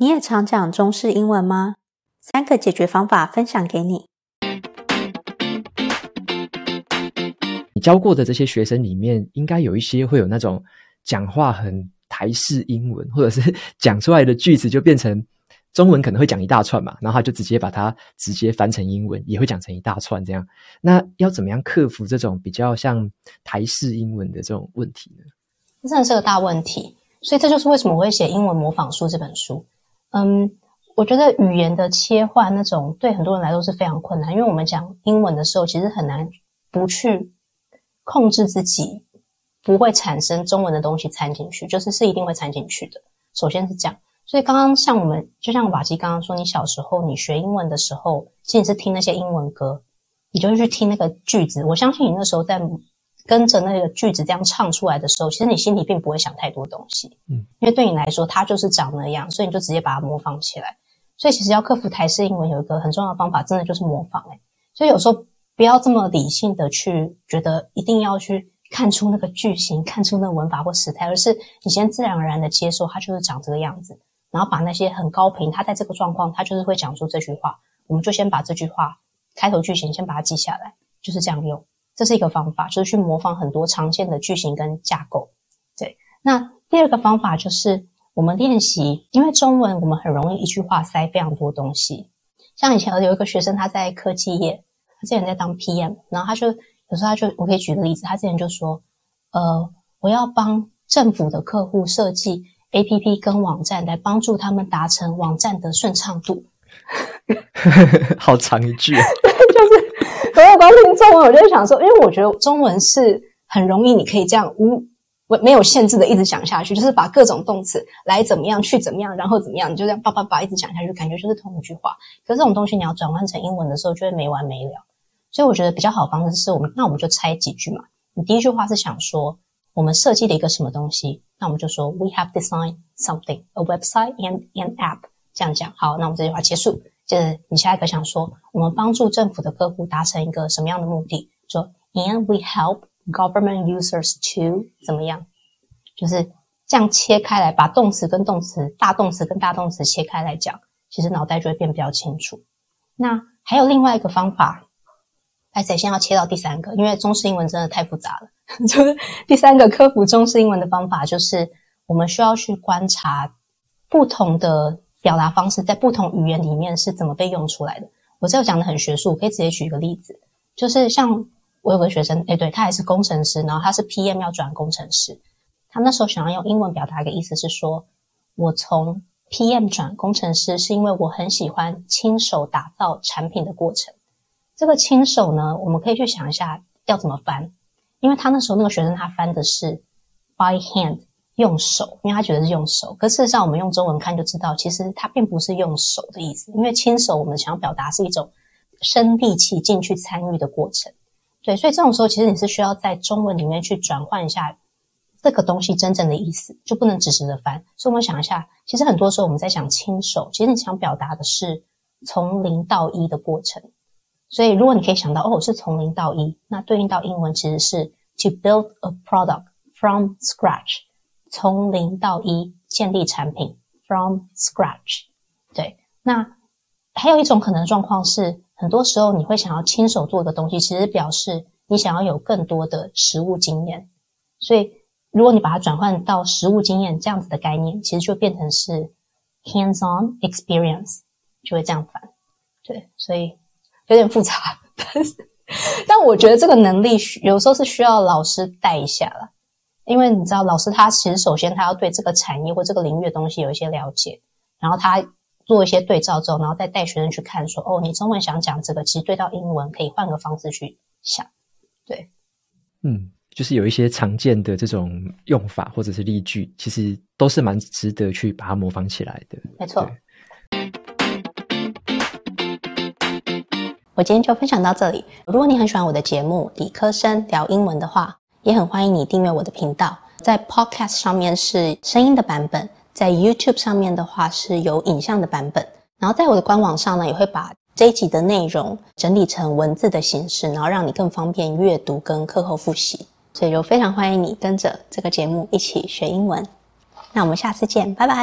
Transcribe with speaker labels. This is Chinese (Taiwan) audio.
Speaker 1: 你也常講中式英文嗎？三個解決方法分享給你。
Speaker 2: 你教過的這些學生裡面，應該有一些會有那種講話很台式英文，或者是講出來的句子就變成中文，可能會講一大串嘛，然後他就直接把它直接翻成英文，也會講成一大串這樣。那要怎麼樣克服這種比較像台式英文的這種問題呢？
Speaker 1: 這真的是個大問題，所以這就是為什麼我會寫《英文模仿書》這本書。嗯，我覺得語言的切換那種，對很多人來說是非常困難。因為我們講英文的時候，其實很難不去控制自己，不會產生中文的東西摻進去，就是是一定會摻進去的。首先是這樣，所以剛剛像我們，就像瓦基剛剛說，你小時候你學英文的時候，其實是聽那些英文歌，你就去聽那個句子。我相信你那時候在。跟着那個句子這樣唱出來的時候，其實你心裡並不會想太多東西，嗯，因為對你來說，它就是長那樣，所以你就直接把它模仿起來。所以其實要克服台式英文，有一個很重要的方法，真的就是模仿欸。所以有時候不要這麼理性的去覺得一定要去看出那個句型、看出那個文法或時態，而是你先自然而然的接受它就是長這個樣子，然後把那些很高頻，它在這個狀況它就是會講出這句話，我們就先把這句話開頭句型先把它記下來，就是這樣用。這是一個方法，就是去模仿很多常見的句型跟架構。對，那第二個方法就是我們練習，因為中文我們很容易一句話塞非常多東西。像以前有一個學生，他在科技業，他之前在當 PM，然後他就，有時候他就，我可以舉個例子，他之前就說，呃，我要幫政府的客戶設計 APP 跟網站，來幫助他們達成網站的順暢度。
Speaker 2: 好長一句。 就是。
Speaker 1: 所有都聽中文，我就會想說，因為我覺得中文是很容易，你可以這樣無沒有限制的一直講下去，就是把各種動詞來怎麼樣去怎麼樣，然後怎麼樣，你就這樣叭叭叭一直講下去，感覺就是同一句話。可是這種東西你要轉換成英文的時候就會沒完沒了。所以我覺得比較好方式是我們那我們就拆幾句嘛。你第一句話是想說我們設計了一個什麼東西，那我們就說 We have designed something, a website and an app，這樣講。好，那我們這句話結束。就是你下一個想說，我們幫助政府的客戶達成一個什麼樣的目的？說，and we help government users to 怎麼樣？就是這樣切開來，把動詞跟動詞、大動詞跟大動詞切開來講，其實腦袋就會變比較清楚。那還有另外一個方法，而且先要切到第三個，因為中式英文真的太複雜了。就 是第三個克服中式英文的方法，就是我們需要去觀察不同的。表達方式在不同語言裡面是怎麼被用出來的？我這講得很學術，我可以直接舉一個例子，就是像我有個學生，誒、欸、對，他還是工程師，然後他是 PM 要轉工程師，他那時候想要用英文表達一個意思是說，我從 PM 轉工程師是因為我很喜歡親手打造產品的過程。這個親手呢，我們可以去想一下要怎麼翻，因為他那時候那個學生他翻的是 by hand。用手，因為他覺得是用手。可事實上，我們用中文看就知道，其實它並不是用手的意思。因為“親手”，我們想要表達是一種生力氣進去參與的過程。對，所以這種時候，其實你是需要在中文裡面去轉換一下這個東西真正的意思，就不能直直的翻。所以我們想一下，其實很多時候我們在想“親手”，其實你想表達的是從零到一的過程。所以如果你可以想到，哦，我是從零到一，那對應到英文其實是 “to build a product from scratch”。從零到一建立產品，from scratch。對，那還有一種可能狀況是，很多時候你會想要親手做的東西，其實表示你想要有更多的實務經驗。所以，如果你把它轉換到實務經驗這樣子的概念，其實就變成是 hands on experience，就會這樣翻。對，所以有點複雜，但是但我覺得這個能力需有時候是需要老師帶一下了。因為你知道，老師他其實首先他要對這個產業或這個領域的東西有一些了解，然後他做一些對照之後，然後再帶學生去看，說：“哦，你中文想講這個，其實對到英文可以換個方式去想。”對，
Speaker 2: 嗯，就是有一些常見的這種用法或者是例句，其實都是蠻值得去把它模仿起來的。
Speaker 1: 沒錯。我今天就分享到這裡。如果你很喜歡我的節目《理科生聊英文》的話，也很歡迎你訂閱我的頻道，在 Podcast 上面是聲音的版本，在 YouTube 上面的話是有影像的版本，然後在我的官網上呢，也會把這一集的內容整理成文字的形式，然後讓你更方便閱讀跟課後複習。所以就非常歡迎你跟着這個節目一起學英文。那我們下次見，拜拜。